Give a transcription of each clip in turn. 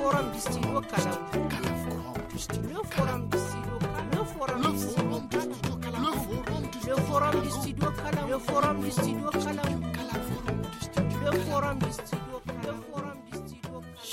forum bistiro kalau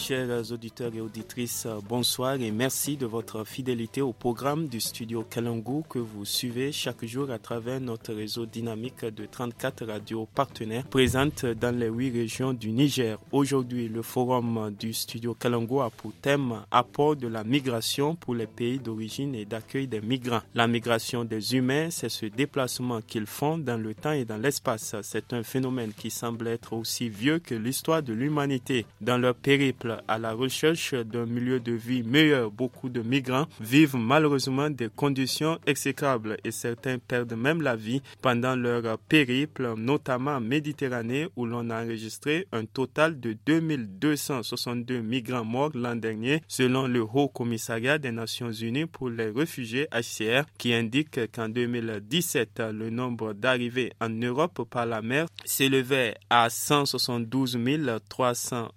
chers auditeurs et auditrices, euh, bonsoir et merci de votre fidélité au programme du studio Kalangou que vous suivez chaque jour à travers notre réseau dynamique de 34 radios partenaires présentes dans les huit régions du Niger. Aujourd'hui, le forum du studio Kalangou a pour thème apport de la migration pour les pays d'origine et d'accueil des migrants. La migration des humains, c'est ce déplacement qu'ils font dans le temps et dans l'espace. C'est un phénomène qui semble être aussi vieux que l'histoire de l'humanité. Dans leur périple, à la recherche d'un milieu de vie meilleur. Beaucoup de migrants vivent malheureusement des conditions exécrables et certains perdent même la vie pendant leur périple, notamment en Méditerranée où l'on a enregistré un total de 2262 migrants morts l'an dernier selon le Haut Commissariat des Nations Unies pour les réfugiés HCR qui indique qu'en 2017 le nombre d'arrivées en Europe par la mer s'élevait à 172 301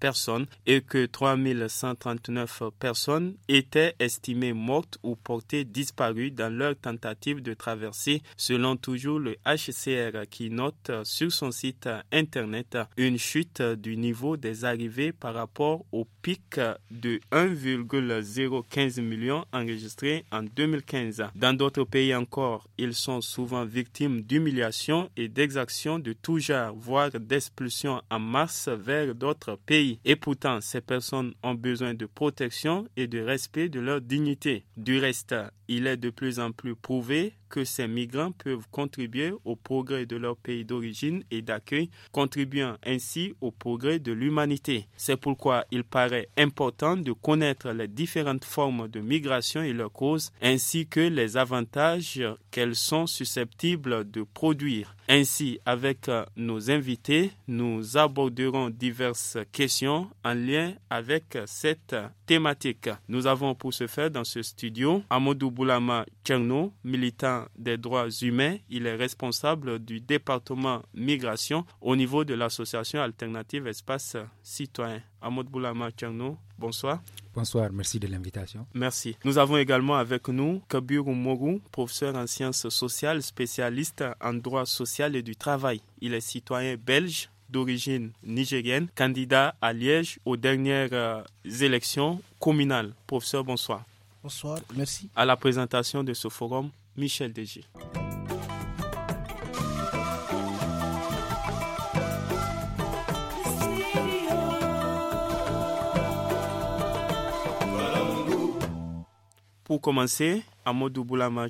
personnes et que 3139 personnes étaient estimées mortes ou portées disparues dans leur tentative de traverser, selon toujours le HCR qui note sur son site internet une chute du niveau des arrivées par rapport au pic de 1,015 million enregistré en 2015. Dans d'autres pays encore, ils sont souvent victimes d'humiliations et d'exactions de tout genre, voire d'expulsions en masse vers d'autres pays. Et pourtant, ces personnes ont besoin de protection et de respect de leur dignité. Du reste, il est de plus en plus prouvé que ces migrants peuvent contribuer au progrès de leur pays d'origine et d'accueil, contribuant ainsi au progrès de l'humanité. C'est pourquoi il paraît important de connaître les différentes formes de migration et leurs causes, ainsi que les avantages qu'elles sont susceptibles de produire. Ainsi, avec nos invités, nous aborderons diverses questions en lien avec cette thématique. Nous avons pour ce faire dans ce studio Amadou Boulama Tchengno, militant des droits humains. Il est responsable du département migration au niveau de l'association alternative Espace Citoyen. Amod Boulama Tchengno, bonsoir. Bonsoir, merci de l'invitation. Merci. Nous avons également avec nous Kabiru Mogu, professeur en sciences sociales, spécialiste en droit social et du travail. Il est citoyen belge d'origine nigérienne, candidat à Liège aux dernières euh, élections communales. Professeur, bonsoir. Bonsoir, merci. À la présentation de ce forum, Michel Dégé. Pour commencer, Amadou Boulama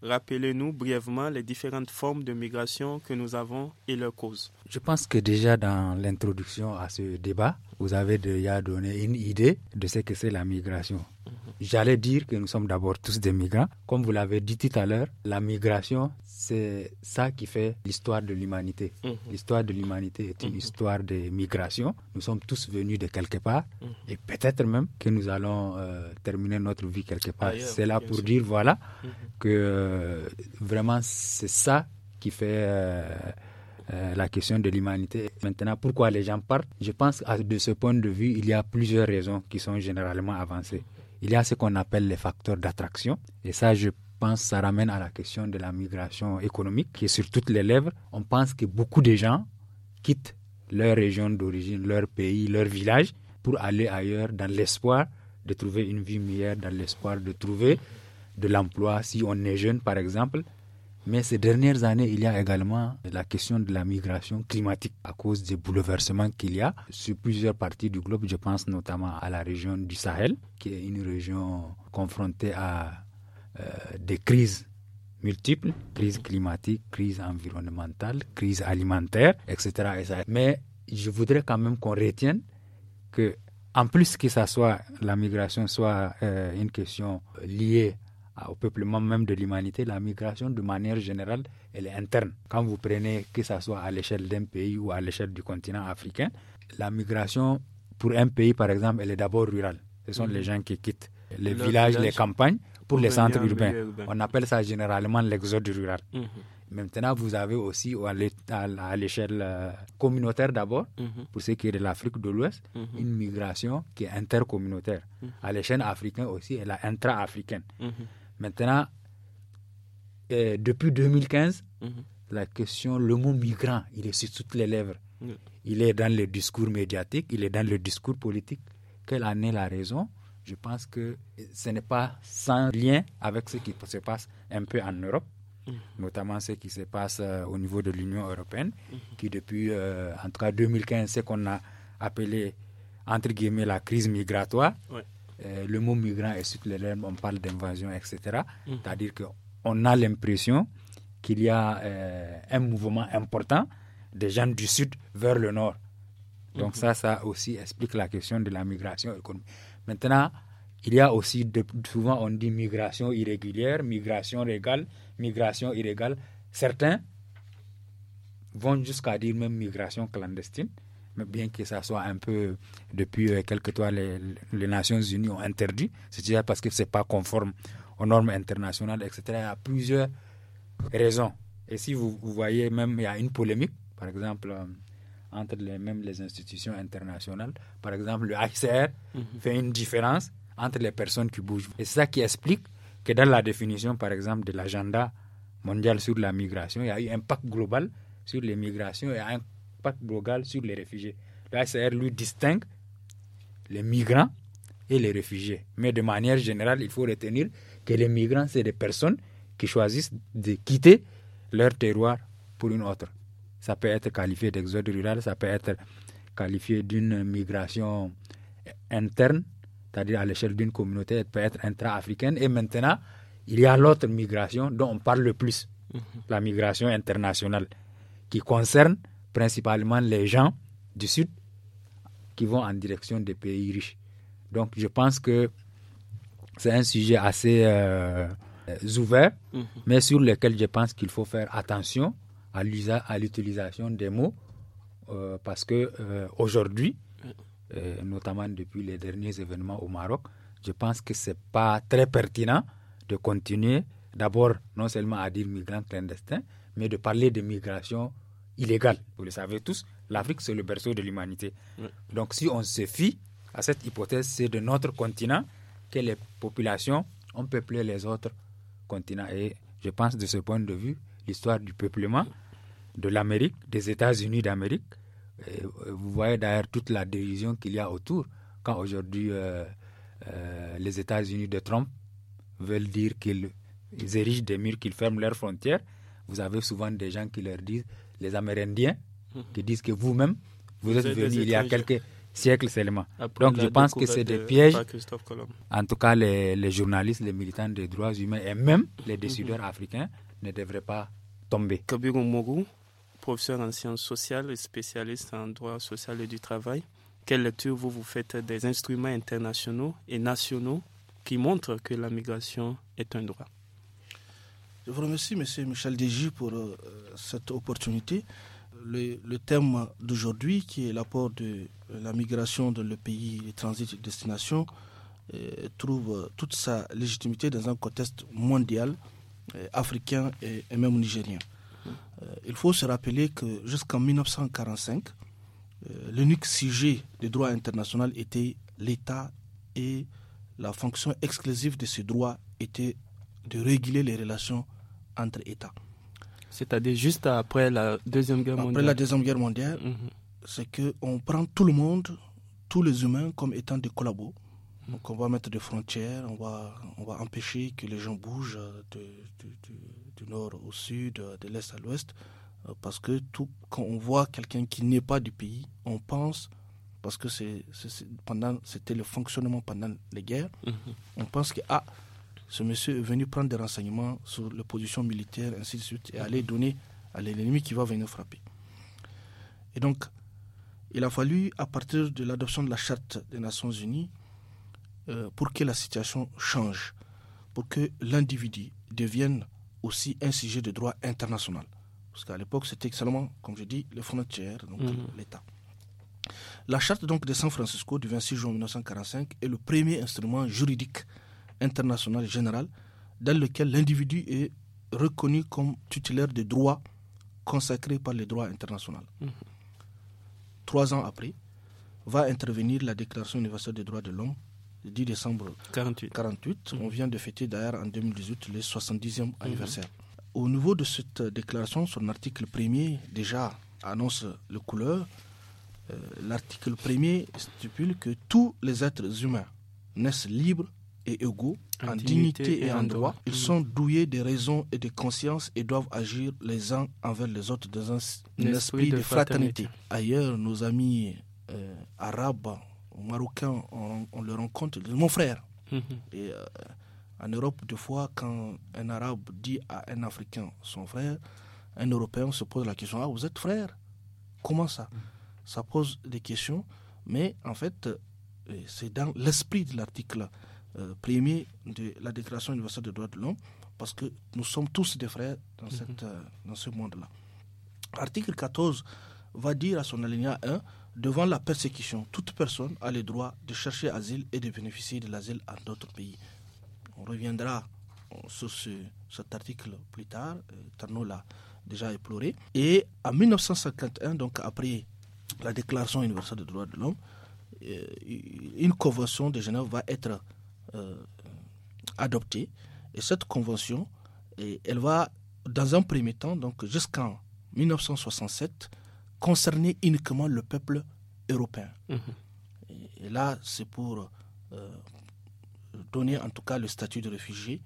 rappelez-nous brièvement les différentes formes de migration que nous avons et leurs causes. Je pense que déjà dans l'introduction à ce débat, vous avez déjà donné une idée de ce que c'est la migration. J'allais dire que nous sommes d'abord tous des migrants. Comme vous l'avez dit tout à l'heure, la migration, c'est ça qui fait l'histoire de l'humanité. Mhm. L'histoire de l'humanité est une mhm. histoire de migration. Nous sommes tous venus de quelque part mhm. et peut-être même que nous allons euh, terminer notre vie quelque part. c'est là pour dire, voilà, que euh, vraiment c'est ça qui fait... Euh, la question de l'humanité. Maintenant, pourquoi les gens partent Je pense que de ce point de vue, il y a plusieurs raisons qui sont généralement avancées il y a ce qu'on appelle les facteurs d'attraction. Et ça, je pense, ça ramène à la question de la migration économique qui est sur toutes les lèvres. On pense que beaucoup de gens quittent leur région d'origine, leur pays, leur village pour aller ailleurs dans l'espoir de trouver une vie meilleure, dans l'espoir de trouver de l'emploi si on est jeune, par exemple, mais ces dernières années, il y a également la question de la migration climatique à cause des bouleversements qu'il y a sur plusieurs parties du globe. Je pense notamment à la région du Sahel, qui est une région confrontée à euh, des crises multiples, crise climatique, crise environnementale, crise alimentaire, etc. Mais je voudrais quand même qu'on retienne que, en plus que ça soit, la migration soit euh, une question liée au peuplement même de l'humanité, la migration de manière générale, elle est interne. Quand vous prenez que ce soit à l'échelle d'un pays ou à l'échelle du continent africain, la migration pour un pays, par exemple, elle est d'abord rurale. Ce sont mm. les gens qui quittent les villages, les campagnes pour les centres urbains. On appelle ça généralement l'exode rural. Mm-hmm. Maintenant, vous avez aussi à l'échelle euh, communautaire d'abord, mm-hmm. pour ce qui est de l'Afrique de l'Ouest, mm-hmm. une migration qui est intercommunautaire. À l'échelle africaine aussi, elle est intra-africaine. Maintenant, euh, depuis 2015, mhm. la question, le mot migrant, il est sur toutes les lèvres. Il est dans le discours médiatique, il est dans le discours politique. Quelle en est la raison Je pense que ce n'est pas sans lien avec ce qui se passe un peu en Europe, mhm. notamment ce qui se passe euh, au niveau de l'Union européenne, mhm. qui depuis tout cas, 2015, ce qu'on a appelé entre guillemets la crise migratoire, euh, le mot migrant est sur on parle d'invasion, etc. Mmh. C'est-à-dire qu'on a l'impression qu'il y a euh, un mouvement important des gens du sud vers le nord. Donc mmh. ça, ça aussi explique la question de la migration économique. Maintenant, il y a aussi, souvent on dit migration irrégulière, migration légale, migration illégale. Certains vont jusqu'à dire même migration clandestine bien que ça soit un peu, depuis euh, quelques temps, les, Nations Unies ont interdit, c'est-à-dire parce que ce n'est pas conforme aux normes internationales, etc. Il y a plusieurs raisons. Et si vous, voyez, même il y a une polémique, par exemple, euh, entre les, même les institutions internationales. Par exemple, le HCR mhm. fait une différence entre les personnes qui bougent. Et c'est ça qui explique que dans la définition, par exemple, de l'agenda mondial sur la migration, il y a eu un pacte global sur les migrations et un pacte global sur les réfugiés. Le lui distingue les migrants et les réfugiés. Mais de manière générale, il faut retenir que les migrants, c'est des personnes qui choisissent de quitter leur terroir pour une autre. Ça peut être qualifié d'exode rural, ça peut être qualifié d'une migration interne, c'est-à-dire à, l'échelle d'une communauté, elle peut être intra-africaine. Et maintenant, il y a l'autre migration dont on parle le plus, mhm. la migration internationale, qui concerne principalement les gens du Sud qui vont en direction des pays riches. Donc je pense que c'est un sujet assez euh, ouvert, mhm. mais sur lequel je pense qu'il faut faire attention à l'utilisation des mots, euh, parce que euh, aujourd'hui, mhm. notamment depuis les derniers événements au Maroc, je pense que ce n'est pas très pertinent de continuer d'abord non seulement à dire migrants clandestins, mais de parler de migration illégal Vous le savez tous, l'Afrique, c'est le berceau de l'humanité. Donc si on se fie à cette hypothèse, c'est de notre continent que les populations ont peuplé les autres continents. Et je pense de ce point de vue, l'histoire du peuplement de l'Amérique, des États-Unis d'Amérique, euh, vous voyez d'ailleurs toute la division qu'il y a autour quand aujourd'hui euh, euh, les États-Unis de Trump veulent dire qu'ils érigent des murs, qu'ils ferment leurs frontières. Vous avez souvent des gens qui leur disent les Amérindiens, mhm. qui disent que vous-même, vous, êtes, venus il y a quelques siècles seulement. Donc je pense que c'est des pièges. En tout cas, les, journalistes, les militants des droits humains et même les mhm. décideurs africains ne devraient pas tomber. Kabiru Mogu, professeur en sciences sociales et spécialiste en droit social et du travail, quelle lecture vous vous faites des instruments internationaux et nationaux qui montrent que la migration est un droit je vous remercie, Monsieur Michel Déji, pour euh, cette opportunité. Le, thème d'aujourd'hui, qui est l'apport de la migration dans le pays de transit et destination, euh, trouve euh, toute sa légitimité dans un contexte mondial, africain et, même nigérien. il faut se rappeler que jusqu'en 1945, l'unique sujet du droit international était l'État et la fonction exclusive de ce droit était de réguler les relations entre États. C'est-à-dire juste après la Deuxième Guerre mondiale Après la Deuxième Guerre mondiale, mhm. c'est que c'est qu'on prend tout le monde, tous les humains, comme étant des collabos. Donc on va mettre des frontières, on va, on va empêcher que les gens bougent du nord au sud, de l'est à l'ouest, euh, parce que tout, quand on voit quelqu'un qui n'est pas du pays, on pense parce que c'est pendant c'était le fonctionnement pendant les guerres. Mhm. On pense que ah ce monsieur est venu prendre des renseignements sur les positions militaires, ainsi de suite, et aller donner à l'ennemi qui va venir frapper. Et donc, il a fallu, à partir de l'adoption de la Charte des Nations Unies, euh, pour que la situation change, pour que l'individu devienne aussi un sujet de droit international. Parce qu'à l'époque, c'était seulement, comme je dis, les frontières, donc mmh. l'État. La charte donc de San Francisco du 26 juin 1945 est le premier instrument juridique international général dans lequel l'individu est reconnu comme titulaire des droits consacrés par les droits internationaux. Mmh. Trois ans après, va intervenir la Déclaration universelle des droits de l'homme le 10 décembre 48. 48. Mmh. On vient de fêter d'ailleurs en 2018 le 70e mmh. anniversaire. Au niveau de cette déclaration, son article premier déjà annonce le couleur. Euh, l'article premier stipule que tous les êtres humains naissent libres et égaux en, dignité, et en droit. Ils sont doués de raison et de conscience et doivent agir les uns envers les autres dans un, esprit, de, fraternité. Ailleurs, nos amis euh, arabes, marocains, on, on le rencontre. Mon frère. Mhm. et, euh, en Europe, des fois, quand un arabe dit à un Africain son frère, un Européen se pose la question Ah, vous êtes frère Comment ça Ça pose des questions, mais en fait, euh, c'est dans l'esprit de l'article euh, premier de la Déclaration universelle des droits de l'homme, parce que nous sommes tous des frères dans, mhm. cette, euh, dans ce monde-là. Article 14 va dire à son alinéa 1 Devant la persécution, toute personne a le droit de chercher asile et de bénéficier de l'asile en d'autres pays. On reviendra euh, sur cet article plus tard. Tarno l'a déjà éploré. Et en 1951, donc après la Déclaration universelle des droits de l'homme, une convention de Genève va être euh, adoptée. Et cette convention, elle va, dans un premier temps, donc jusqu'en 1967, concerner uniquement le peuple européen. Mm-hmm. Et, là, c'est pour euh, donner en tout cas le statut de réfugié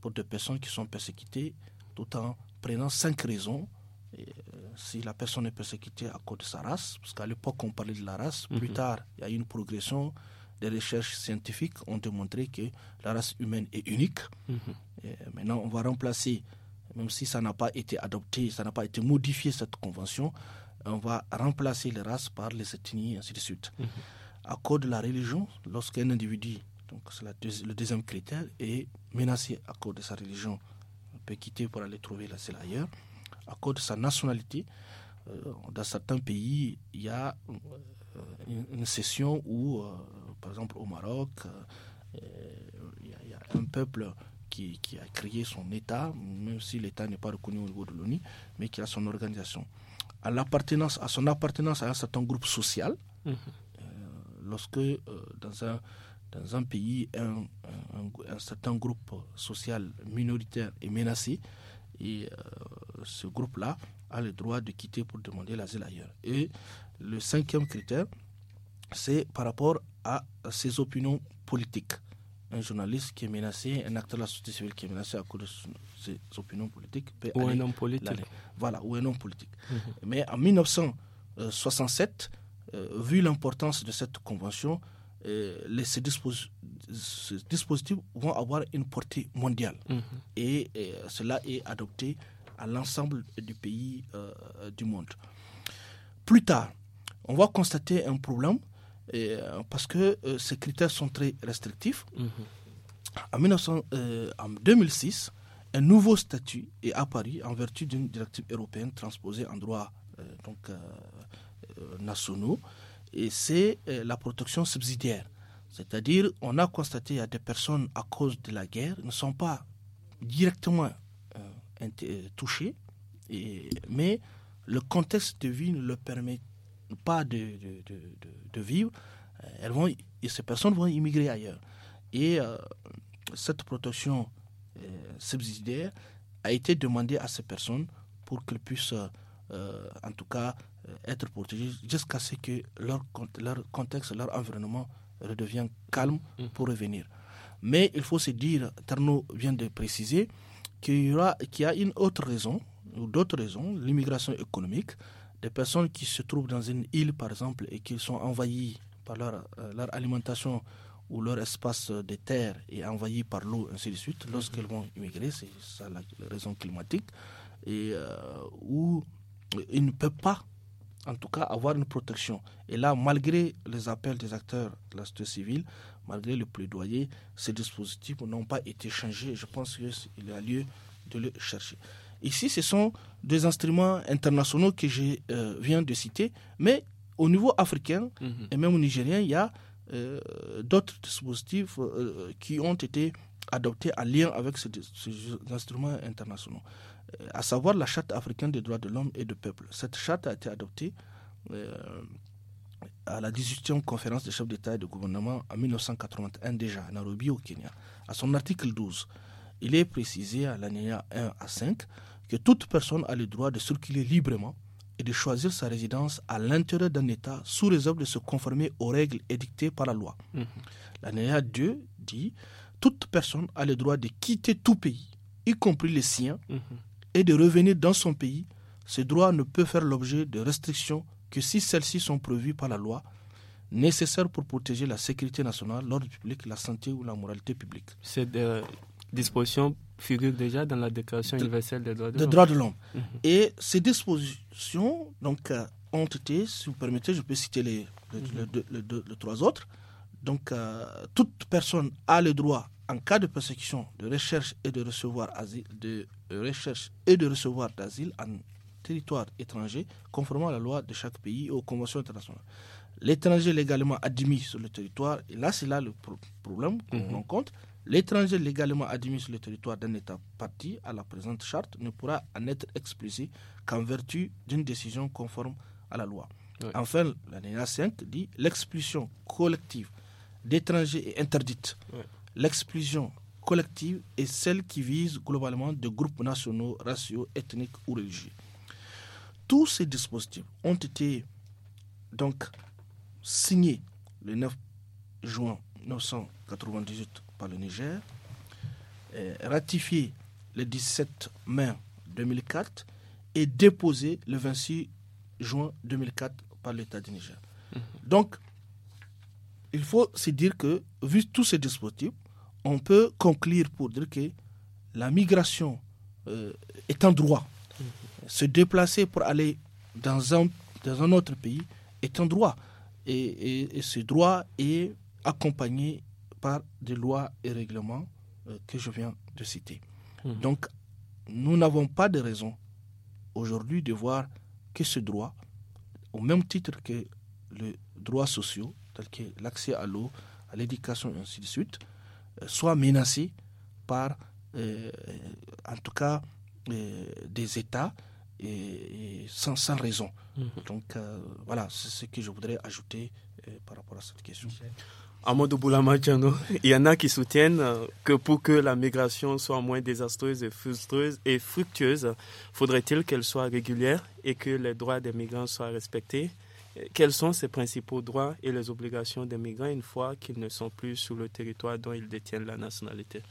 pour des personnes qui sont persécutées, tout en prenant cinq raisons. Et, euh, si la personne est persécutée à cause de sa race, parce qu'à l'époque on parlait de la race, plus mm-hmm. tard il y a eu une progression, des recherches scientifiques ont démontré que la race humaine est unique. Mhm. maintenant, on va remplacer, même si ça n'a pas été adopté, ça n'a pas été modifié cette convention, on va remplacer les races par les ethnies, ainsi de suite. Mhm. À cause de la religion, lorsqu'un individu, donc c'est le deuxième critère, est menacé à cause de sa religion, on peut quitter pour aller trouver la selle ailleurs. À cause de sa nationalité, euh, dans certains pays, il y a euh, une, session où euh, par exemple au Maroc, il euh, euh, y, a un peuple qui, a créé son État, même si l'État n'est pas reconnu au niveau de l'ONU, mais qui a son organisation. À, l'appartenance, à son appartenance à un certain groupe social, euh, lorsque dans, un, dans un pays, un, certain groupe social minoritaire est menacé, et ce groupe-là a le droit de quitter pour demander l'asile ailleurs. Et le cinquième critère, c'est par rapport à ses opinions politiques. Un journaliste qui est menacé, un acteur de la société civile qui est menacé à cause de ses opinions politiques. ou un homme politique. Voilà, ou un homme politique. Mhm. Mais en 1967, euh, vu l'importance de cette convention, euh, ces, dispositifs vont avoir une portée mondiale. Mhm. Et, euh, cela est adopté à l'ensemble du pays du monde. Plus tard, on va constater un problème euh, parce que euh, ces critères sont très restrictifs. Mhm. En, euh, en 2006, un nouveau statut est apparu en vertu d'une directive européenne transposée en droit nationaux, et c'est la protection subsidiaire. C'est-à-dire, on a constaté qu'il y a des personnes à cause de la guerre ne sont pas directement touchées, et, mais le contexte de vie ne le permet pas de, de, vivre, euh, elles vont, et ces personnes vont immigrer ailleurs. Et euh, cette protection euh, subsidiaire a été demandée à ces personnes pour qu'elles puissent, en tout cas, être protégées jusqu'à ce que leur, contexte, leur environnement redevienne calme mm. pour revenir. Mais il faut se dire, Tarno vient de préciser, qu'il y, qu'il y a une autre raison, ou d'autres raisons, l'immigration économique, des personnes qui se trouvent dans une île, par exemple, et qui sont envahies par leur, euh, leur alimentation ou leur espace de terre est envahi par l'eau, ainsi de suite, lorsqu'elles vont immigrer, c'est ça la, raison climatique, et euh, où ils ne peuvent pas, en tout cas, avoir une protection. Et là, malgré les appels des acteurs de la société civile, malgré le plaidoyer, ces dispositifs n'ont pas été changés. Je pense qu'il y a lieu de le chercher. Ici, ce sont des instruments internationaux que je euh, viens de citer, mais au niveau africain mhm. et même au nigérien, il y a euh, d'autres dispositifs euh, qui ont été adoptés en lien avec ces, instruments internationaux, à savoir la Charte africaine des droits de l'homme et du peuple. Cette charte a été adoptée à la 18e conférence des chefs d'État et de gouvernement en 1981 déjà, à Nairobi au Kenya. À son article 12, il est précisé à l'année 1 à 5 que toute personne a le droit de circuler librement et de choisir sa résidence à l'intérieur d'un État sous réserve de se conformer aux règles édictées par la loi. Mhm. La Néa 2 dit Toute personne a le droit de quitter tout pays, y compris les siens, mhm. et de revenir dans son pays. Ce droit ne peut faire l'objet de restrictions que si celles-ci sont prévues par la loi, nécessaires pour protéger la sécurité nationale, l'ordre public, la santé ou la moralité publique. Ces euh, dispositions figure déjà dans la Déclaration universelle des droits de, l'homme. Mhm. Et ces dispositions donc, euh, ont été, si vous permettez, je peux citer les, mhm. trois autres. Donc, euh, toute personne a le droit, en cas de persécution, de recherche et de recevoir asile, de recherche et de recevoir d'asile en territoire étranger, conformément à la loi de chaque pays et aux conventions internationales. L'étranger légalement admis sur le territoire, et là c'est là le problème qu'on mhm. rencontre, L'étranger légalement admis sur le territoire d'un État parti à la présente charte ne pourra en être expulsé qu'en vertu d'une décision conforme à la loi. Enfin, l'année 5 dit l'expulsion collective d'étrangers est interdite. L'expulsion collective est celle qui vise globalement des groupes nationaux, raciaux, ethniques ou religieux. Tous ces dispositifs ont été donc signés le 9 juin 1998 par le Niger, ratifié le 17 mai 2004 et déposé le 26 juin 2004 par l'État du Niger. Mhm. Donc, il faut se dire que, vu tous ces dispositifs, on peut conclure pour dire que la migration euh, est un droit. Mhm. Se déplacer pour aller dans un, dans un autre pays est un droit. et ce droit est accompagné des lois et règlements euh, que je viens de citer. Mhm. Donc, nous n'avons pas de raison aujourd'hui de voir que ce droit, au même titre que les droit sociaux, tel que l'accès à l'eau, à l'éducation et ainsi de suite, euh, soit menacé par, euh, en tout cas, des États sans, raison. Mhm. Donc, voilà, c'est ce que je voudrais ajouter par rapport à cette question. Amadou il y en a qui soutiennent euh, que pour que la migration soit moins désastreuse et et fructueuse, faudrait-il qu'elle soit régulière et que les droits des migrants soient respectés. Quels sont ses principaux droits et les obligations des migrants une fois qu'ils ne sont plus sur le territoire dont ils détiennent la nationalité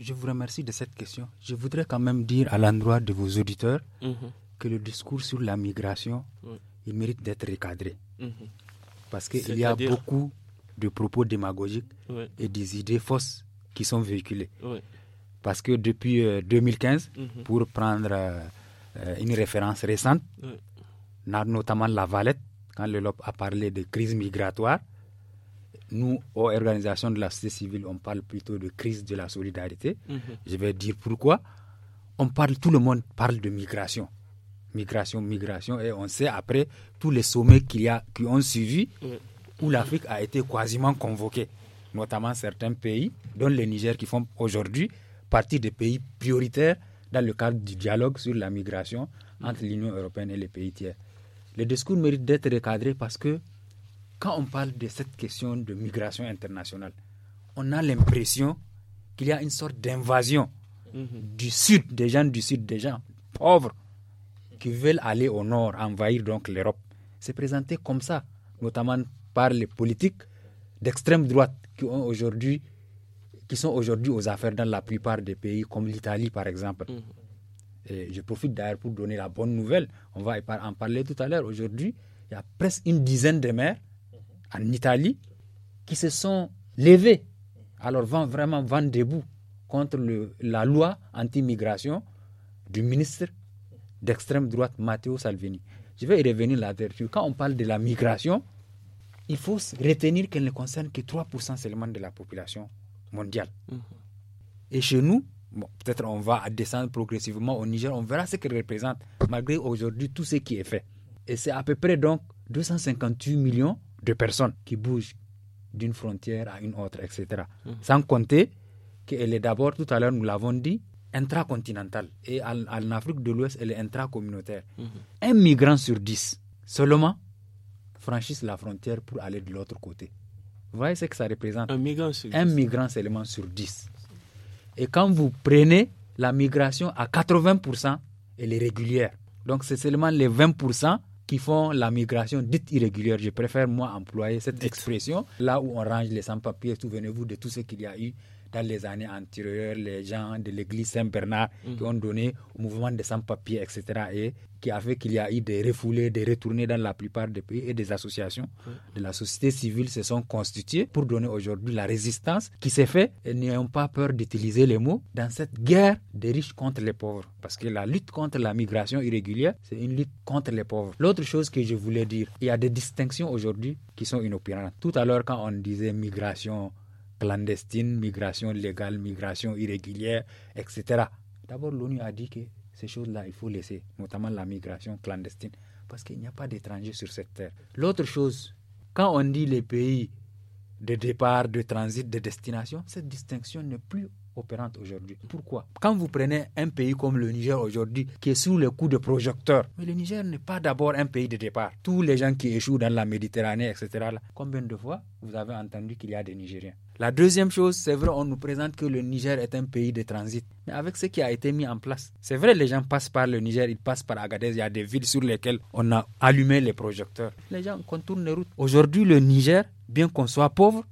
Je vous remercie de cette question. Je voudrais quand même dire à l'endroit de vos auditeurs mhm. que le discours sur la migration, il mérite d'être recadré. Mhm. Parce qu'il y a beaucoup de propos démagogiques et des idées fausses qui sont véhiculées. Parce que depuis 2015, euh, mhm. pour prendre euh, euh, une référence récente, notamment la Valette, quand le LOP a parlé de crise migratoire, nous, aux organisations de la société civile, on parle plutôt de crise de la solidarité. Mhm. Je vais dire pourquoi. On parle, tout le monde parle de migration migration, migration, et on sait après tous les sommets qu'il y a, qui ont suivi, où l'Afrique a été quasiment convoquée, notamment certains pays, dont le Niger, qui font aujourd'hui partie des pays prioritaires dans le cadre du dialogue sur la migration entre l'Union européenne et les pays tiers. Le discours mérite d'être recadré parce que quand on parle de cette question de migration internationale, on a l'impression qu'il y a une sorte d'invasion mhm. du sud, des gens du sud, des gens pauvres qui veulent aller au nord, envahir donc l'Europe. C'est présenté comme ça, notamment par les politiques d'extrême droite qui, ont aujourd'hui, qui sont aujourd'hui aux affaires dans la plupart des pays, comme l'Italie par exemple. Mm. Et je profite d'ailleurs pour donner la bonne nouvelle, on va en parler tout à l'heure. Aujourd'hui, il y a presque une dizaine de maires en Italie qui se sont levés, alors vont vraiment vent debout contre la loi anti-migration du ministre d'extrême droite Matteo Salvini. Je vais y revenir là-dessus. Quand on parle de la migration, il faut retenir qu'elle ne concerne que 3% seulement de la population mondiale. Mhm. Et chez nous, peut-être on va descendre progressivement au Niger, on verra ce qu'elle représente, malgré aujourd'hui tout ce qui est fait. Et c'est à peu près donc 258 millions de personnes qui bougent d'une frontière à une autre, etc. Mhm. Sans compter qu'elle est d'abord, tout à l'heure nous l'avons dit, intracontinentale. Et en, Afrique de l'Ouest, elle est intracommunautaire. Mhm. Un migrant sur dix seulement franchissent la frontière pour aller de l'autre côté. Vous voyez ce que ça représente Un migrant, sur Un migrant seulement sur 10. Et quand vous prenez la migration à 80%, elle est régulière. Donc c'est seulement les 20% qui font la migration dite irrégulière. Je préfère moi employer cette expression là où on range les sans-papiers. Souvenez-vous de tout ce qu'il y a eu les années antérieures, les gens de l'église Saint-Bernard qui mhm. ont donné au mouvement des sans-papiers, etc. Et qui a fait qu'il y a eu des refoulés, des retournés dans la plupart des pays et des associations mhm. de la société civile se sont constituées pour donner aujourd'hui la résistance qui s'est faite. Et n'ayons pas peur d'utiliser les mots dans cette guerre des riches contre les pauvres. Parce que la lutte contre la migration irrégulière, c'est une lutte contre les pauvres. L'autre chose que je voulais dire, il y a des distinctions aujourd'hui qui sont inopérantes. Tout à l'heure, quand on disait migration, clandestine, migration légale, migration irrégulière, etc. D'abord, l'ONU a dit que ces choses-là, il faut laisser, notamment la migration clandestine, parce qu'il n'y a pas d'étrangers sur cette terre. L'autre chose, quand on dit les pays de départ, de transit, de destination, cette distinction n'est plus opérante aujourd'hui. Pourquoi Quand vous prenez un pays comme le Niger aujourd'hui, qui est sous le coup de projecteur, mais le Niger n'est pas d'abord un pays de départ. Tous les gens qui échouent dans la Méditerranée, etc., combien de fois vous avez entendu qu'il y a des Nigériens la deuxième chose, c'est vrai, on nous présente que le Niger est un pays de transit. Mais avec ce qui a été mis en place, c'est vrai, les gens passent par le Niger, ils passent par Agadez, il y a des villes sur lesquelles on a allumé les projecteurs. Les gens contournent les routes. Aujourd'hui, le Niger, bien qu'on soit pauvre,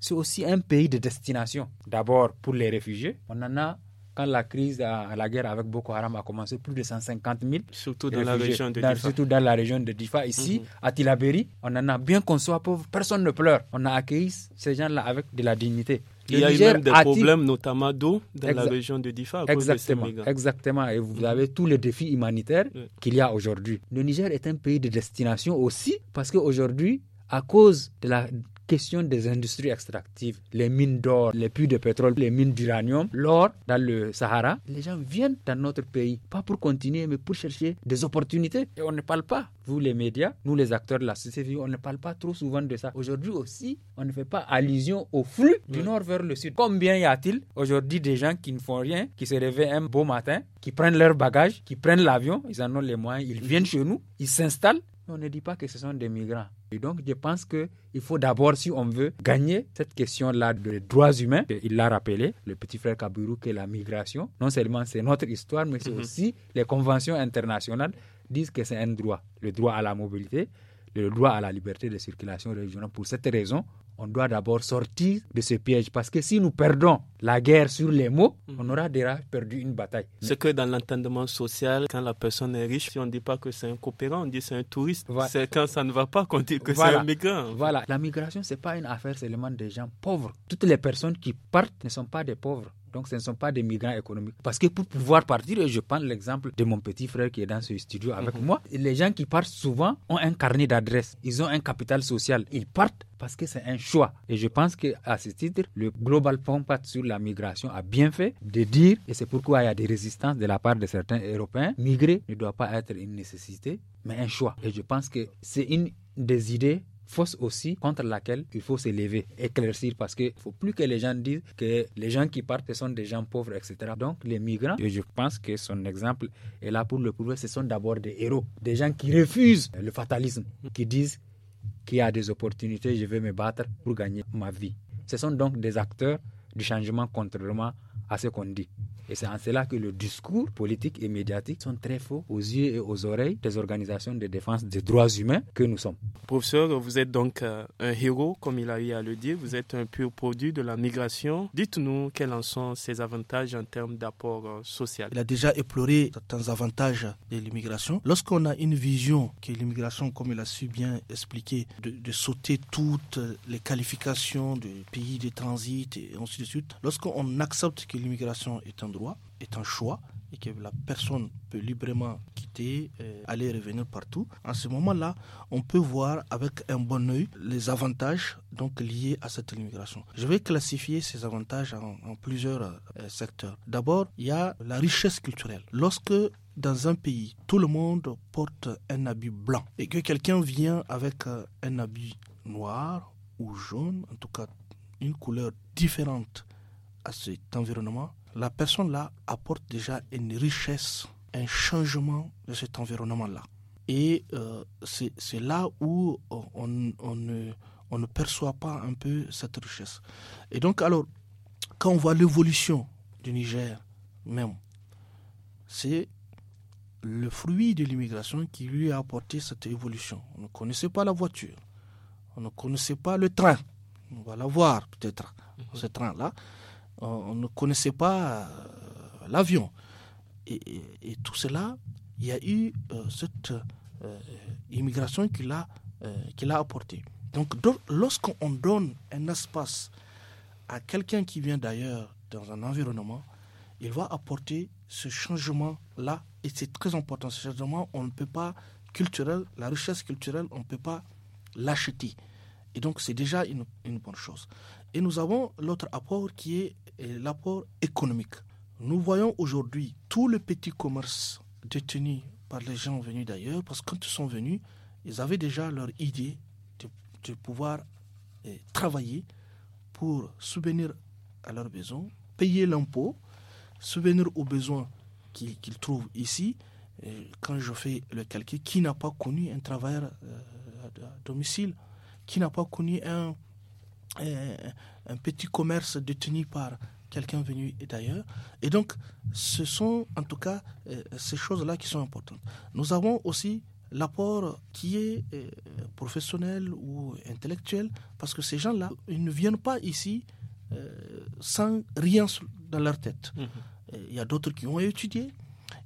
c'est aussi un pays de destination. D'abord pour les réfugiés, on en a quand la crise la guerre avec Boko Haram a commencé, plus de 150 000. Surtout dans, la région, de Difa. surtout dans la région de Difa. Ici, mhm. à Tilaberi, on en a bien qu'on soit pauvre, personne ne pleure. On a accueilli ces gens-là avec de la dignité. Il y a eu même des problèmes, notamment d'eau, dans la région de Difa. exactement, exactement. Et vous mhm. avez tous les défis humanitaires qu'il y a aujourd'hui. Le Niger est un pays de destination aussi, parce qu'aujourd'hui, à cause de la question des industries extractives, les mines d'or, les puits de pétrole, les mines d'uranium, l'or dans le Sahara, les gens viennent dans notre pays, pas pour continuer, mais pour chercher des opportunités. Et on ne parle pas, vous les médias, nous les acteurs de la société, on ne parle pas trop souvent de ça. Aujourd'hui aussi, on ne fait pas allusion au flux du nord vers le sud. Combien y a-t-il aujourd'hui des gens qui ne font rien, qui se réveillent un beau matin, qui prennent leur bagages, qui prennent l'avion, ils en ont les moyens, ils viennent chez nous, ils s'installent, on ne dit pas que ce sont des migrants. Et donc, je pense qu'il faut d'abord, si on veut gagner cette question-là des droits humains, il l'a rappelé, le petit frère Kabiru, que la migration, non seulement c'est notre histoire, mais c'est mhm. aussi les conventions internationales disent que c'est un droit, le droit à la mobilité, le droit à la liberté de circulation régionale. Pour cette raison, on doit d'abord sortir de ce piège parce que si nous perdons la guerre sur les mots, mhm. on aura déjà perdu une bataille. Ce que dans l'entendement social, quand la personne est riche, si on ne dit pas que c'est un coopérant, on dit c'est un touriste. C'est quand ça ne va pas qu'on dit que c'est un migrant. Voilà, la migration, ce n'est pas une affaire seulement des gens pauvres. Toutes les personnes qui partent ne sont pas des pauvres. Donc ce ne sont pas des migrants économiques. Parce que pour pouvoir partir, et je prends l'exemple de mon petit frère qui est dans ce studio avec mhm. moi, les gens qui partent souvent ont un carnet d'adresses, ils ont un capital social, ils partent parce que c'est un choix. Et je pense qu'à ce titre, le Global Compact sur la migration a bien fait de dire, et c'est pourquoi il y a des résistances de la part de certains Européens, migrer ne doit pas être une nécessité, mais un choix. Et je pense que c'est une des idées force aussi contre laquelle il faut se lever, éclaircir, parce qu'il ne faut plus que les gens disent que les gens qui partent sont des gens pauvres, etc. Donc les migrants, et je pense que son exemple est là pour le prouver, ce sont d'abord des héros, des gens qui refusent le fatalisme, qui disent qu'il y a des opportunités, je vais me battre pour gagner ma vie. Ce sont donc des acteurs du changement, contrairement à ce qu'on dit. Et c'est en cela que le discours politique et médiatique sont très faux aux yeux et aux oreilles des organisations de défense des droits humains que nous sommes. Professeur, vous êtes donc euh, un héros, comme il a eu à le dire. Vous êtes un pur produit de la migration. Dites-nous quels en sont ses avantages en termes d'apport euh, social. Il a déjà éploré certains avantages de l'immigration. Lorsqu'on a une vision que l'immigration, comme il a su bien expliquer, de, sauter toutes les qualifications de pays de transit et ainsi de suite, lorsqu'on accepte que l'immigration est un est un choix et que la personne peut librement quitter, euh, aller revenir partout. En ce moment-là, on peut voir avec un bon œil les avantages donc liés à cette immigration. Je vais classifier ces avantages en, plusieurs euh, secteurs. D'abord, il y a la richesse culturelle. Lorsque dans un pays, tout le monde porte un habit blanc et que quelqu'un vient avec euh, un habit noir ou jaune, en tout cas une couleur différente à cet environnement, la personne-là apporte déjà une richesse, un changement de cet environnement-là. Et euh, c'est là où euh, on, ne, perçoit pas un peu cette richesse. Et donc, alors, quand on voit l'évolution du Niger même, c'est le fruit de l'immigration qui lui a apporté cette évolution. On ne connaissait pas la voiture, on ne connaissait pas le train. On va la voir peut-être, mhm. ce train-là on, ne connaissait pas euh, l'avion. Et, tout cela, il y a eu euh, cette euh, immigration qui l'a apporté. Donc lorsqu'on donne un espace à quelqu'un qui vient d'ailleurs dans un environnement, il va apporter ce changement-là. Et c'est très important. Ce changement, on ne peut pas, culturel, la richesse culturelle, on ne peut pas l'acheter. Et donc, c'est déjà une, une, bonne chose. Et nous avons l'autre apport qui est et l'apport économique. Nous voyons aujourd'hui tout le petit commerce détenu par les gens venus d'ailleurs, parce que quand ils sont venus, ils avaient déjà leur idée de, pouvoir eh, travailler pour subvenir à leurs besoins, payer l'impôt, subvenir aux besoins qu'ils trouvent ici. quand je fais le calcul, qui n'a pas connu un travailleur euh, à domicile, qui n'a pas connu un, un petit commerce détenu par quelqu'un venu d'ailleurs. Et donc, ce sont en tout cas euh, ces choses-là qui sont importantes. Nous avons aussi l'apport qui est euh, professionnel ou intellectuel, parce que ces gens-là, ils ne viennent pas ici euh, sans rien dans leur tête. Mm-hmm. Il y a d'autres qui ont étudié,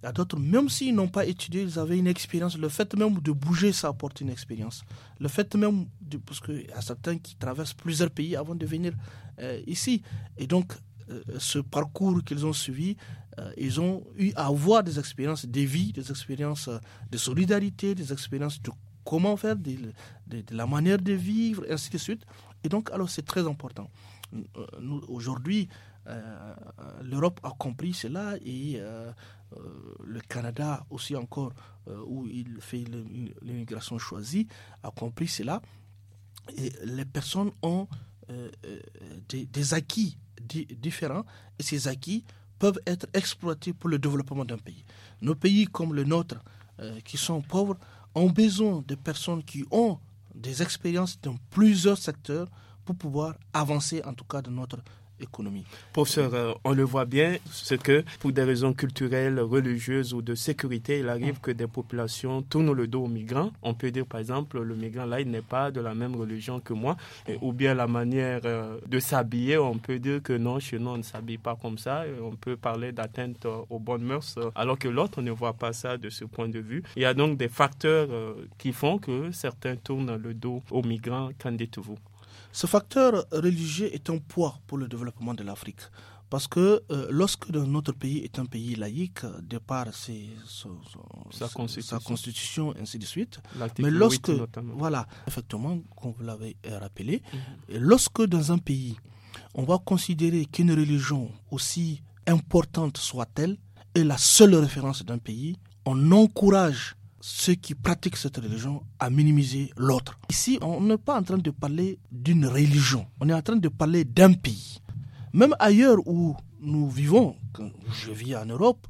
il y a d'autres, même s'ils n'ont pas étudié, ils avaient une expérience. Le fait même de bouger, ça apporte une expérience. Le fait même, parce qu'il y a certains qui traversent plusieurs pays avant de venir euh, ici. Et donc, euh, ce parcours qu'ils ont suivi, euh, ils ont eu à avoir des expériences de vie, des expériences de solidarité, des expériences de comment faire, de, de la manière de vivre, et ainsi de suite. Et donc, alors, c'est très important. Nous, aujourd'hui, euh, L'Europe a compris cela et euh, euh, le Canada aussi encore, où il fait l'immigration choisie, a compris cela. Et les personnes ont des, acquis différents et ces acquis peuvent être exploités pour le développement d'un pays. Nos pays comme le nôtre, qui sont pauvres, ont besoin de personnes qui ont des expériences dans plusieurs secteurs pour pouvoir avancer, en tout cas, dans notre économie. Professeur, euh, on le voit bien, c'est que pour des raisons culturelles, religieuses ou de sécurité, il arrive que des populations tournent le dos aux migrants. On peut dire par exemple, le migrant là, il n'est pas de la même religion que moi, ou bien la manière euh, de s'habiller, on peut dire que non, chez nous, on ne s'habille pas comme ça. on peut parler d'atteinte euh, aux bonnes mœurs, alors que l'autre, ne voit pas ça de ce point de vue. Il y a donc des facteurs qui font que certains tournent le dos aux migrants. Qu'en dites-vous ce facteur religieux est un poids pour le développement de l'Afrique. Parce que euh, lorsque notre pays est un pays laïque, euh, de par sa, constitution. ainsi de suite, mais lorsque, voilà, effectivement, comme vous l'avez euh, rappelé, mhm. lorsque dans un pays, on va considérer qu'une religion, aussi importante soit-elle, est la seule référence d'un pays, on encourage ceux qui pratiquent cette religion à minimiser l'autre. Ici, on n'est pas en train de parler d'une religion, on est en train de parler d'un pays. Même ailleurs où nous vivons, quand je vis en Europe,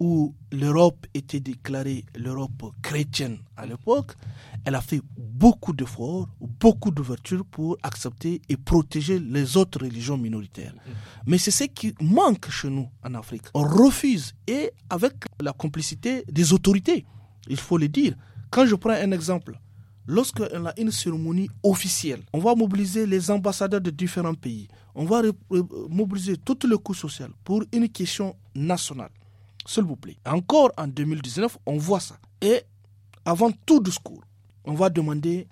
où l'Europe était déclarée l'Europe chrétienne à l'époque, elle a fait beaucoup d'efforts, beaucoup d'ouvertures pour accepter et protéger les autres religions minoritaires. Mais c'est ce qui manque chez nous en Afrique. On refuse et avec la complicité des autorités. Il faut le dire. Quand je prends un exemple, lorsqu'on a une cérémonie officielle, on va mobiliser les ambassadeurs de différents pays. On va mobiliser tout le coût social pour une question nationale. S'il vous plaît. Encore en 2019, on voit ça. Et avant tout discours, on va demander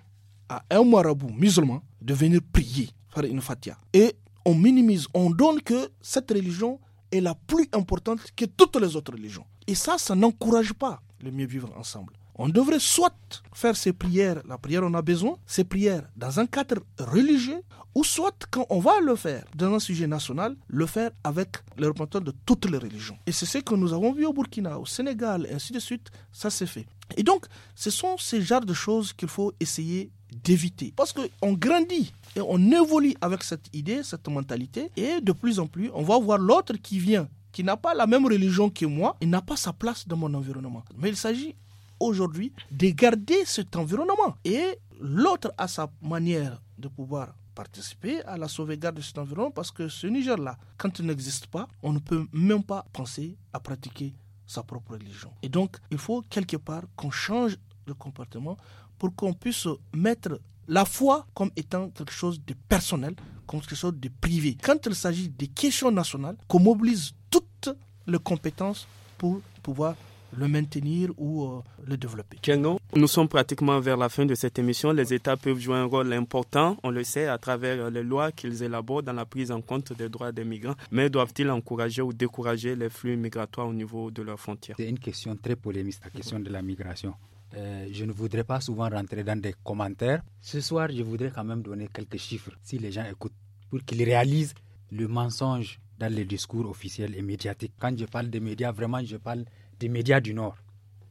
à un marabout musulman de venir prier, faire une fatia. Et on minimise, on donne que cette religion est la plus importante que toutes les autres religions. Et ça, ça n'encourage pas le mieux vivre ensemble. On devrait soit faire ces prières, la prière on a besoin, ces prières dans un cadre religieux, ou soit quand on va le faire dans un sujet national, le faire avec les représentants de toutes les religions. Et c'est ce que nous avons vu au Burkina, au Sénégal, et ainsi de suite, ça s'est fait. Et donc, ce sont ces genres de choses qu'il faut essayer d'éviter. Parce que on grandit et on évolue avec cette idée, cette mentalité, et de plus en plus, on va voir l'autre qui vient qui n'a pas la même religion que moi, il n'a pas sa place dans mon environnement. Mais il s'agit aujourd'hui de garder cet environnement. Et l'autre a sa manière de pouvoir participer à la sauvegarde de cet environnement parce que ce Niger-là, quand il n'existe pas, on ne peut même pas penser à pratiquer sa propre religion. Et donc, il faut quelque part qu'on change de comportement pour qu'on puisse mettre la foi comme étant quelque chose de personnel, comme quelque chose de privé. Quand il s'agit des questions nationales, qu'on mobilise toutes les compétences pour pouvoir le maintenir ou euh, le développer. Kengo, nous sommes pratiquement vers la fin de cette émission. Les États peuvent jouer un rôle important, on le sait, à travers euh, les lois qu'ils élaborent dans la prise en compte des droits des migrants. Mais doivent-ils encourager ou décourager les flux migratoires au niveau de leurs frontières C'est une question très polémique, la question de la migration. Euh, je ne voudrais pas souvent rentrer dans des commentaires. Ce soir, je voudrais quand même donner quelques chiffres, si les gens écoutent, pour qu'ils réalisent le mensonge dans les discours officiels et médiatiques. Quand je parle des médias, vraiment, je parle des médias du Nord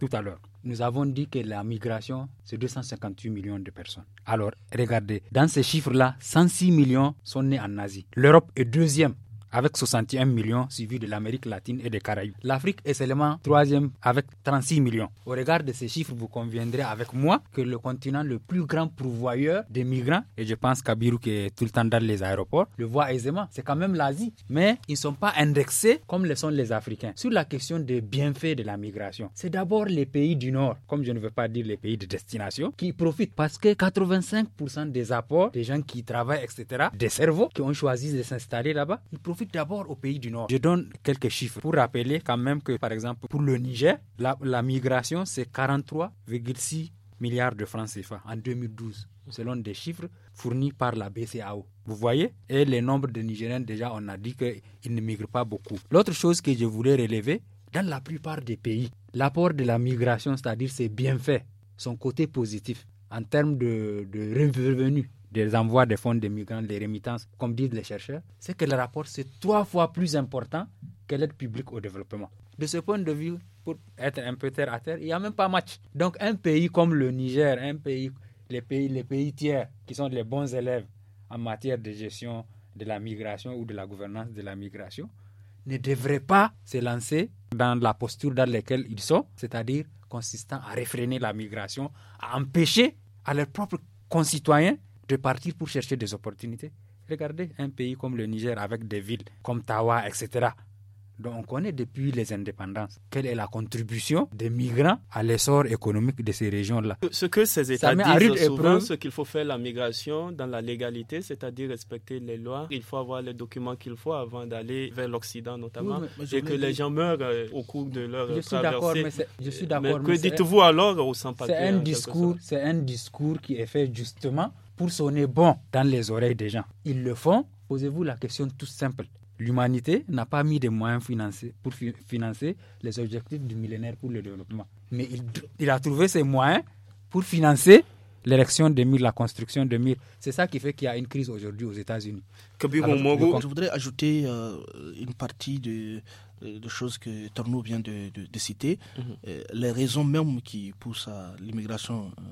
tout à l'heure. Nous avons dit que la migration, c'est 258 millions de personnes. Alors, regardez, dans ces chiffres-là, 106 millions sont nés en Asie. L'Europe est deuxième avec 61 millions, suivis de l'Amérique latine et des Caraïbes. L'Afrique est seulement troisième avec 36 millions. Au regard de ces chiffres, vous conviendrez avec moi que le continent le plus grand pourvoyeur des migrants, et je pense qu'Abiru qui est tout le temps dans les aéroports, le voit aisément. C'est quand même l'Asie. Mais ils ne sont pas indexés comme le sont les Africains. Sur la question des bienfaits de la migration, c'est d'abord les pays du Nord, comme je ne veux pas dire les pays de destination, qui profitent parce que 85% des apports des gens qui travaillent, etc., des cerveaux qui ont choisi de s'installer là-bas, ils profitent tout d'abord au pays du Nord. Je donne quelques chiffres pour rappeler quand même que, par exemple, pour le Niger, la, migration, c'est 43,6 milliards de francs CFA en 2012, selon des chiffres fournis par la BCAO. Vous voyez Et les nombres de Nigériens, déjà, on a dit qu'ils ne migrent pas beaucoup. L'autre chose que je voulais relever, dans la plupart des pays, l'apport de la migration, c'est-à-dire ses bienfaits, son côté positif en termes de, de revenus des envois des fonds des migrants, des remittances, comme disent les chercheurs, c'est que le rapport, c'est trois fois plus important que l'aide publique au développement. De ce point de vue, pour être un peu terre à terre, il n'y a même pas match. Donc un pays comme le Niger, un pays, les pays, les pays tiers qui sont les bons élèves en matière de gestion de la migration ou de la gouvernance de la migration, ne devrait pas se lancer dans la posture dans laquelle ils sont, c'est-à-dire consistant à réfréner la migration, à empêcher à leurs propres concitoyens de partir pour chercher des opportunités. Regardez un pays comme le Niger avec des villes comme Tawa, etc. Donc on connaît depuis les indépendances quelle est la contribution des migrants à l'essor économique de ces régions-là. Ce que ces États disent souvent, ce qu'il faut faire la migration dans la légalité, c'est-à-dire respecter les lois. Il faut avoir les documents qu'il faut avant d'aller vers l'Occident notamment et que les gens meurent euh, au cours de leur traversée. Suis je suis d'accord. Euh, mais que dites-vous alors au sans un c'est un discours qui est fait justement pour sonner bon dans les oreilles des gens. Ils le font. Posez-vous la question toute simple. L'humanité n'a pas mis des moyens financiers pour financer les objectifs du millénaire pour le développement. Mais il, a trouvé ses moyens pour financer l'élection de Mille, la construction de Mille. C'est ça qui fait qu'il y a une crise aujourd'hui aux États-Unis. Je voudrais ajouter euh, une partie de, choses que Torno vient de, citer. Mhm. Euh, les raisons même qui poussent à l'immigration euh,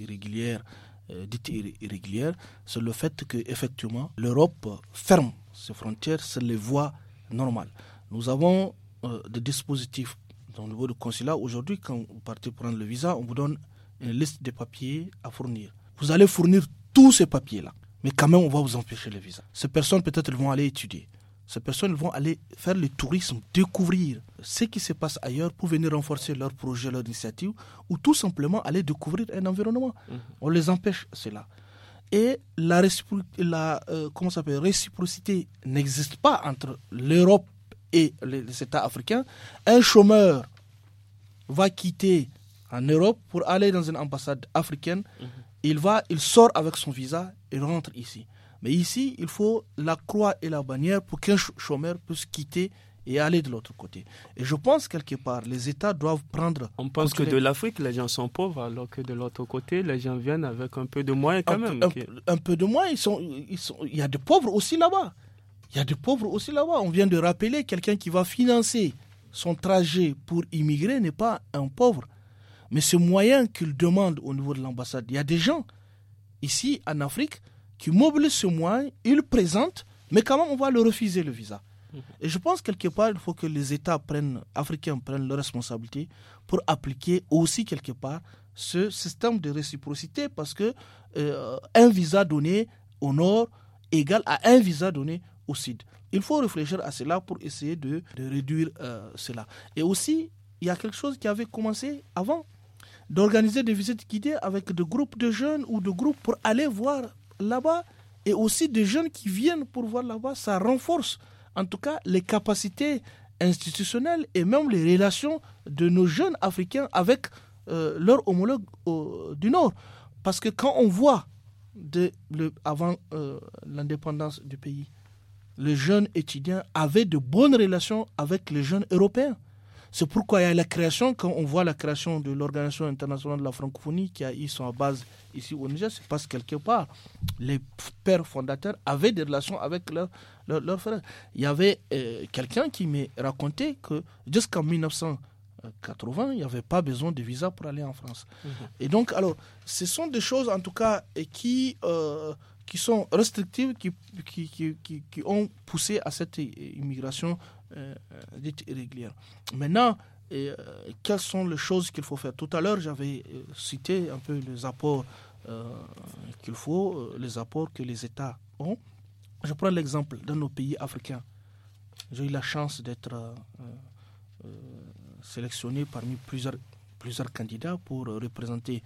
irrégulière euh, dite irrégulière, c'est le fait que effectivement l'Europe ferme ses frontières sur les voies normales. Nous avons euh, des dispositifs au niveau du consulat. Aujourd'hui, quand vous partez prendre le visa, on vous donne une liste de papiers à fournir. Vous allez fournir tous ces papiers-là, mais quand même, on va vous empêcher le visa. Ces personnes, peut-être, vont aller étudier. Ces personnes vont aller faire le tourisme, découvrir ce qui se passe ailleurs pour venir renforcer leur projet, leur initiative, ou tout simplement aller découvrir un environnement. Mhm. On les empêche cela. Et la, la euh, réciprocité n'existe pas entre l'Europe et les, États africains. Un chômeur va quitter en Europe pour aller dans une ambassade africaine. Mhm. Il va, il sort avec son visa et rentre ici. Mais ici, il faut la croix et la bannière pour qu'un chômeur puisse quitter et aller de l'autre côté. Et je pense quelque part, les États doivent prendre. On pense que de l'Afrique, les gens sont pauvres, alors que de l'autre côté, les gens viennent avec un peu de moyens quand même. un, peu de moyens, ils sont, ils sont, il y a des pauvres aussi là-bas. Il y a des pauvres aussi là-bas. On vient de rappeler quelqu'un qui va financer son trajet pour immigrer n'est pas un pauvre. Mais ce moyen qu'il demande au niveau de l'ambassade, il y a des gens ici en Afrique qui mobilise ce moyen, il présente, mais comment on va le refuser le visa. Mhm. Et je pense quelque part, il faut que les États prennent, africains prennent leurs responsabilité pour appliquer aussi quelque part ce système de réciprocité parce que euh, un visa donné au nord égale à un visa donné au sud. Il faut réfléchir à cela pour essayer de, réduire euh, cela. Et aussi, il y a quelque chose qui avait commencé avant d'organiser des visites guidées avec des groupes de jeunes ou de groupes pour aller voir là-bas et aussi des jeunes qui viennent pour voir là-bas, ça renforce en tout cas les capacités institutionnelles et même les relations de nos jeunes Africains avec euh, leurs homologues du Nord. Parce que quand on voit avant euh, l'indépendance du pays, les jeunes étudiants avaient de bonnes relations avec les jeunes européens. C'est pourquoi il y a la création, quand on voit la création de l'Organisation internationale de la francophonie qui a eu son base ici au Niger, c'est parce que quelque part, les pères fondateurs avaient des relations avec leurs leur, frères. Il y avait euh, quelqu'un qui m'a raconté que jusqu'en 1980, il n'y avait pas besoin de visa pour aller en France. Mhm. Et donc, alors, ce sont des choses, en tout cas, euh, qui, euh, qui sont restrictives, qui qui, qui, qui, ont poussé à cette immigration euh, dite irrégulière. Maintenant, euh, quelles sont les choses qu'il faut faire Tout à l'heure, j'avais euh, cité un peu les apports qu'il faut, les apports que les États ont. Je prends l'exemple dans nos pays africains. J'ai eu la chance d'être sélectionné parmi plusieurs, plusieurs candidats pour représenter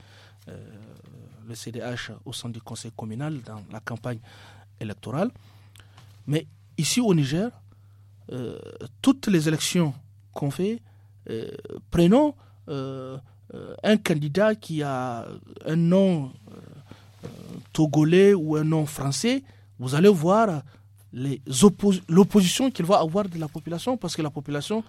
le CDH au sein du conseil communal dans la campagne électorale. Mais ici au Niger, euh, toutes les élections qu'on fait, euh, prenons euh, un candidat qui a un nom togolais ou un nom français, vous allez voir l'opposition qu'il va avoir de la population parce que la population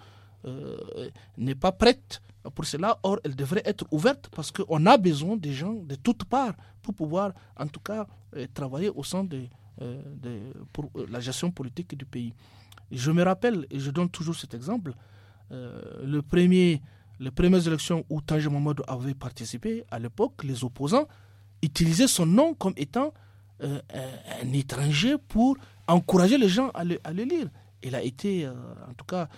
n'est pas prête pour cela. Or, elle devrait être ouverte parce qu'on a besoin des gens de toutes parts pour pouvoir, en tout cas, travailler au sein de, la gestion politique du pays. Je me rappelle, et je donne toujours cet exemple, euh, le premier, les premières élections où Taj Mohamed avait participé, à l'époque, les opposants utilisaient son nom comme étant euh, un étranger pour encourager les gens à le, lire. Il a été, euh, en tout cas,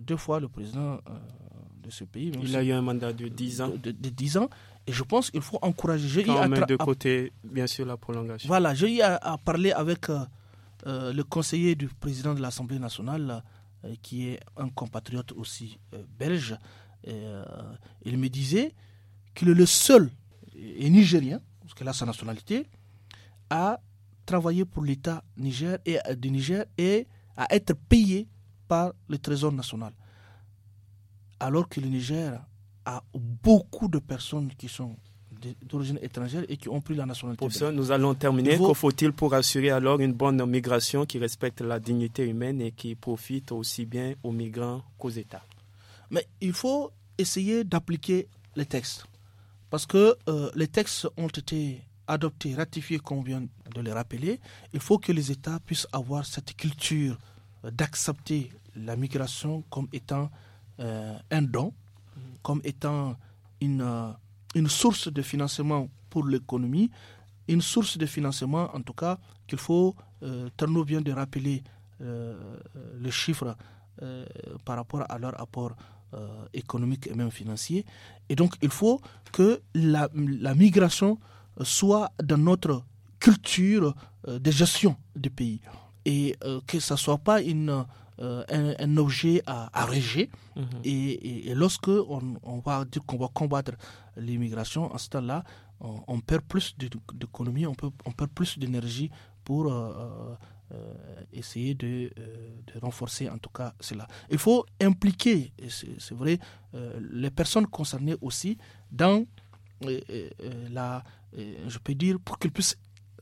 deux fois le président de ce pays. Il a eu un mandat de 10 ans. De, 10 ans. Et je pense qu'il faut encourager. Quand on de côté, bien sûr, la prolongation. Voilà, j'ai eu à, à, parler avec euh, le conseiller du président de l'Assemblée nationale, euh, qui est un compatriote aussi euh, belge, il me disait qu'il est le seul, et nigérien, parce qu'il a sa nationalité, à travailler pour l'État Niger et, du Niger et à être payé par le Trésor national. Alors que le Niger a beaucoup de personnes qui sont d'origine étrangère et qui ont pris la nationalité. Pour ça, nous allons terminer. Que faut-il pour assurer alors une bonne migration qui respecte la dignité humaine et qui profite aussi bien aux migrants qu'aux États Mais il faut essayer d'appliquer les textes. Parce que euh, les textes ont été adoptés, ratifiés, qu'on vient de les rappeler. Il faut que les États puissent avoir cette culture d'accepter la migration comme étant euh, un don, comme étant une euh, une source de financement pour l'économie, une source de financement en tout cas qu'il faut, euh, vient de rappeler euh, euh le chiffre euh, par rapport à leur apport euh, économique et même financier. Et donc il faut que la, migration soit dans notre culture de gestion du pays et que ce ne soit pas une euh, un, objet à, à réger. Mhm. Et, lorsque on, va dire qu'on va combattre l'immigration, à ce temps-là, on, perd plus d'économie, on, peut, on perd plus d'énergie pour euh, euh, essayer de, renforcer en tout cas cela. Il faut impliquer, c'est vrai, les personnes concernées aussi dans la, je peux dire, pour qu'elles puissent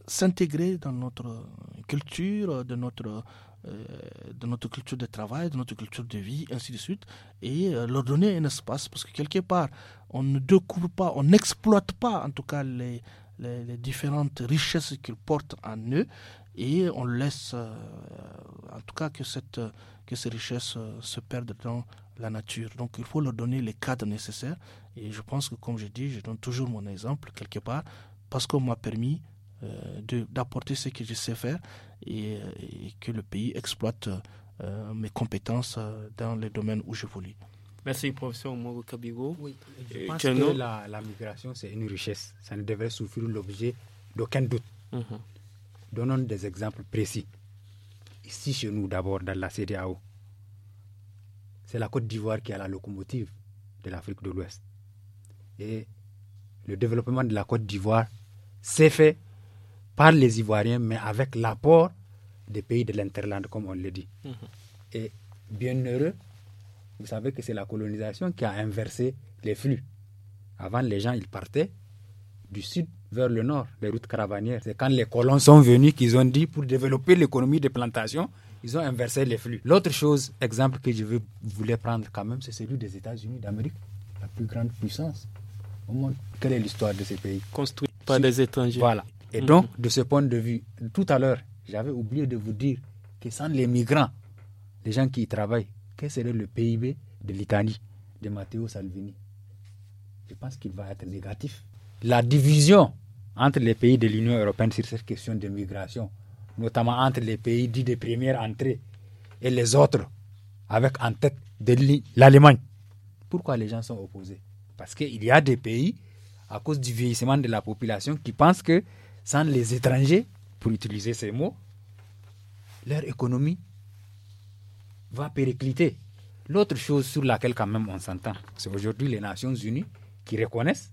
s'intégrer dans notre culture, de notre euh, de notre culture de travail, de notre culture de vie, ainsi de suite, et euh, leur donner un espace, parce que quelque part, on ne découvre pas, on n'exploite pas en tout cas les, les, différentes richesses qu'ils portent en eux, et on laisse euh, en tout cas que, cette, que ces richesses se perdent dans la nature. Donc il faut leur donner les cadres nécessaires, et je pense que comme je dis, je donne toujours mon exemple quelque part, parce qu'on m'a permis euh, d'apporter ce que je sais faire et, euh, que le pays exploite euh, mes compétences dans les domaines où je vole. Merci, professeur Mogo Kabigo. je pense que, la, migration, c'est une richesse. Ça ne devrait souffrir l'objet d'aucun doute. Mhm. Donnons des exemples précis. Ici, chez nous, d'abord, dans la CDAO, c'est la Côte d'Ivoire qui est la locomotive de l'Afrique de l'Ouest. Et le développement de la Côte d'Ivoire s'est fait par les Ivoiriens, mais avec l'apport des pays de l'Interland, comme on le dit. Mhm. Et bien heureux, vous savez que c'est la colonisation qui a inversé les flux. Avant, les gens, ils partaient du sud vers le nord, les routes caravanières. C'est quand les colons sont venus qu'ils ont dit, pour développer l'économie des plantations, ils ont inversé les flux. L'autre chose, exemple que je veux, voulais prendre quand même, c'est celui des États-Unis d'Amérique, la plus grande puissance au monde. Quelle est l'histoire de ces pays construit par des étrangers. Voilà. Et mm. donc, de ce point de vue, tout à l'heure, j'avais oublié de vous dire que sans les migrants, les gens qui y travaillent, quel serait le PIB de l'Italie, de Matteo Salvini Je pense qu'il va être négatif. La division entre les pays de l'Union européenne sur cette question de migration, notamment entre les pays dits de première entrée et les autres, avec en tête l'Allemagne. Pourquoi les gens sont opposés Parce qu'il y a des pays, à cause du vieillissement de la population, qui pensent que sans les étrangers, pour utiliser ces mots, leur économie va péricliter. L'autre chose sur laquelle quand même on s'entend, c'est aujourd'hui les Nations Unies qui reconnaissent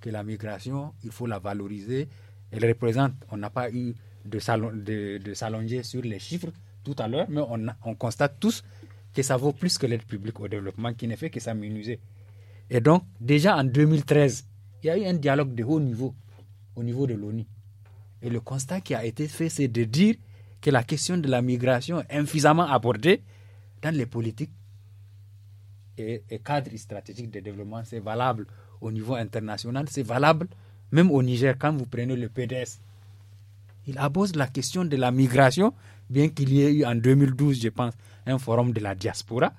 que la migration, il faut la valoriser. Elle représente, on n'a pas eu de, s'allonger de, de sur les chiffres tout à l'heure, mais on, constate tous que ça vaut plus que l'aide publique au développement qui ne fait que s'amuser. Et donc, déjà en 2013, il y a eu un dialogue de haut niveau au niveau de l'ONU. Et le constat qui a été fait, c'est de dire que la question de la migration est abordée dans les politiques et, et cadres stratégiques de développement. C'est valable au niveau international, c'est valable même au Niger quand vous prenez le PDS. Il aborde la question de la migration, bien qu'il y ait eu en 2012, je pense, un forum de la diaspora.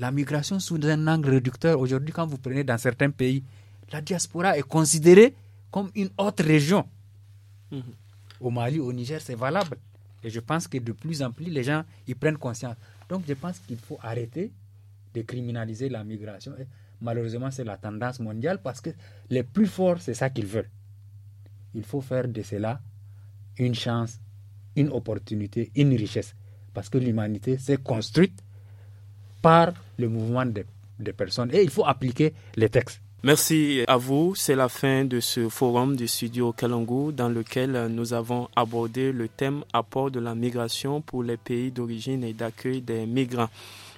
La migration sous un angle réducteur, aujourd'hui, quand vous prenez dans certains pays, la diaspora est considérée comme une autre région. Mhm. Au Mali, au Niger, c'est valable. Et je pense que de plus en plus, les gens y prennent conscience. Donc, je pense qu'il faut arrêter de criminaliser la migration. malheureusement, c'est la tendance mondiale parce que les plus forts, c'est ça qu'ils veulent. Il faut faire de cela une chance, une opportunité, une richesse. Parce que l'humanité s'est construite par le mouvement des personnes. Et il faut appliquer les textes. Merci à vous. C'est la fin de ce forum du studio Kalangu dans lequel nous avons abordé le thème apport de la migration pour les pays d'origine et d'accueil des migrants.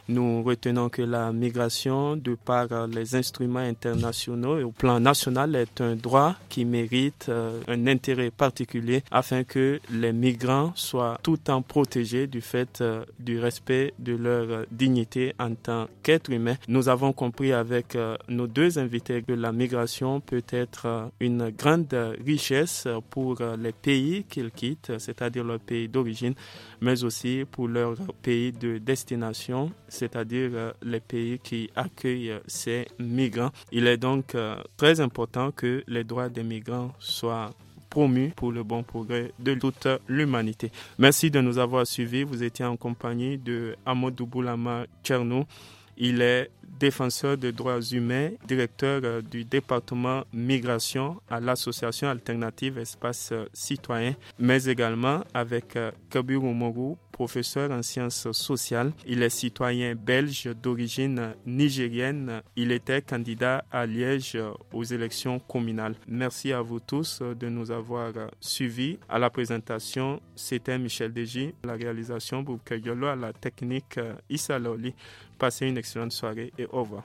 Nous retenons que la migration, de par euh, les instruments internationaux et au plan national, est un droit qui mérite euh, un intérêt particulier afin que les migrants soient tout en temps protégés du fait euh, du respect de leur dignité en tant qu'êtres humains. Nous avons compris avec nos deux invités que la migration peut être une grande richesse pour les pays qu'ils quittent, c'est-à-dire leur pays d'origine, mais aussi pour leur pays de destination c'est-à-dire euh, les pays qui accueillent ces migrants. Il est donc euh, très important que les droits des migrants soient promus pour le bon progrès de toute l'humanité. Merci de nous avoir suivis. Vous étiez en compagnie de Amadou Boulama Tchernou. Il est défenseur des droits humains, directeur euh, du département migration à l'association alternative Espace Citoyen, mais également avec Kabir Oumourou, professeur en sciences sociales. Il est citoyen belge d'origine nigérienne. Il était candidat à Liège aux élections communales. Merci à vous tous de nous avoir suivis. À la présentation, c'était Michel Deji, la réalisation Yolo, à la technique Issa Loli. Passez une excellente soirée et au revoir.